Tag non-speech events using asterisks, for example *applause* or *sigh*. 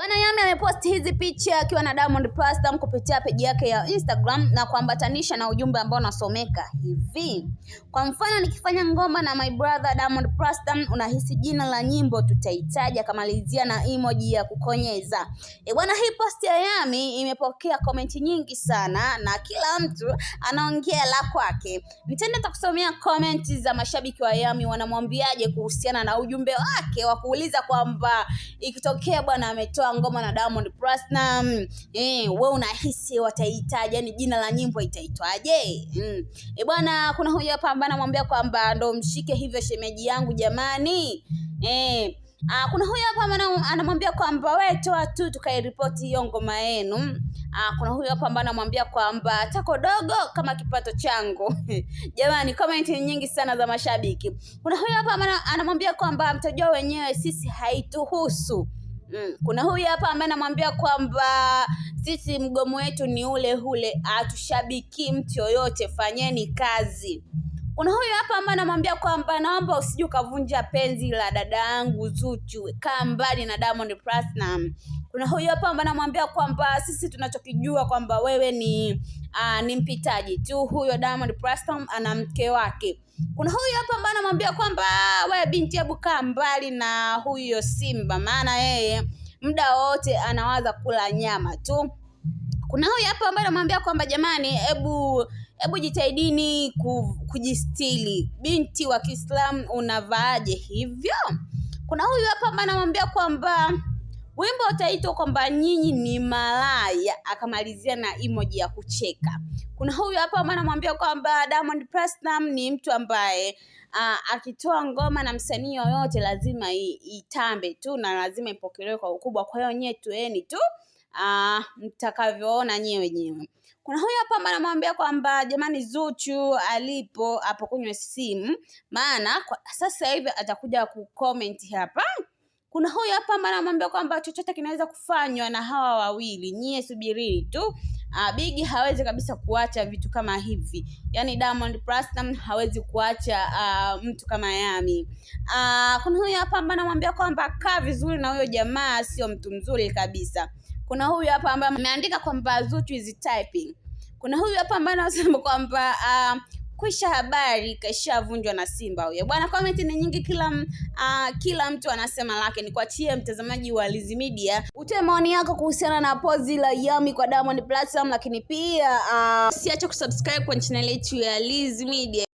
Bana Yami ameposti hizi picha akiwa na Diamond Platnumz kupitia peji yake ya Instagram na kuambatanisha na ujumbe ambao unasomeka hivi. Kwa mfano, nikifanya ngoma na my brother Diamond Platnumz, unahisi jina la nyimbo tutaitaja? Akamalizia na emoji ya kukonyeza. E bwana, hii posti ya Yami imepokea komenti nyingi sana na kila mtu anaongea la kwake. Nitaenda takusomea komenti za mashabiki wa Yami, wanamwambiaje kuhusiana na ujumbe wake wa kuuliza kwamba ikitokea bwana ametoa kutoa ngoma na Diamond Platnumz eh, we unahisi wataitaje? Yani jina la nyimbo itaitwaje? Mm. E bwana, kuna huyo hapa ambaye anamwambia kwamba ndo mshike hivyo shemeji yangu jamani eh. Uh, kuna huyo hapa anamwambia kwamba wewe toa tu tukairipoti hiyo ngoma yenu. Ah, kuna huyo hapa ambaye anamwambia kwamba tako dogo kama kipato changu *laughs* jamani, comment nyingi sana za mashabiki. Kuna huyo hapa anamwambia kwamba mtajua wenyewe, sisi haituhusu. Mm. Kuna huyu hapa ambaye anamwambia kwamba sisi mgomo wetu ni ule ule, hatushabikii mtu yoyote, fanyeni kazi. Kuna huyu hapa ambaye anamwambia kwamba naomba usije ukavunja penzi la dada yangu Zuchu, kaa mbali na Diamond Platinum kuna huyu hapa ambaye anamwambia kwamba sisi tunachokijua kwamba wewe ni uh, ni mpitaji tu. Huyo Diamond Platnumz ana mke wake. Kuna huyu hapa ambaye anamwambia kwamba ah, wewe binti, hebu kaa mbali na huyo Simba, maana yeye muda wote anawaza kula nyama tu. Kuna huyu hapa ambaye anamwambia kwamba jamani, hebu hebu jitahidini kujistili, binti wa Kiislamu unavaaje hivyo? Kuna huyu hapa ambaye anamwambia kwamba wimbo utaitwa kwamba nyinyi ni malaya, akamalizia na emoji ya kucheka. Kuna huyu hapa ambaye anamwambia kwamba Diamond Platnumz ni mtu ambaye Uh, akitoa ngoma na msanii yoyote lazima itambe tu na lazima ipokelewe kwa ukubwa. Kwa hiyo nyewe tueni tu uh, mtakavyoona nyie wenyewe. Kuna huyu hapa ambaye anamwambia kwamba jamani, Zuchu alipo apokunywe simu, maana sasa hivi atakuja kucomment hapa kuna huyu hapa ambaye anamwambia kwamba chochote kinaweza kufanywa na hawa wawili, nyie subirini tu. Uh, ah, Bigi hawezi kabisa kuacha vitu kama hivi, yaani Diamond Platnumz hawezi kuacha uh, mtu kama Yami. Uh, kuna huyu hapa ambaye anamwambia kwamba kaa vizuri na huyo jamaa, sio mtu mzuri kabisa. Kuna huyu hapa ambaye ameandika kwamba Zuchu is typing. Kuna huyu hapa ambaye anasema kwamba uh, kwisha habari kashavunjwa na simba huyo bwana comment ni nyingi kila uh, kila mtu anasema lake ni kuachie mtazamaji wa Lizzy Media utoe maoni yako kuhusiana na pozi la Yami kwa Diamond Platinum lakini pia uh, ah, siache kusubscribe kwa channel yetu ya Lizzy Media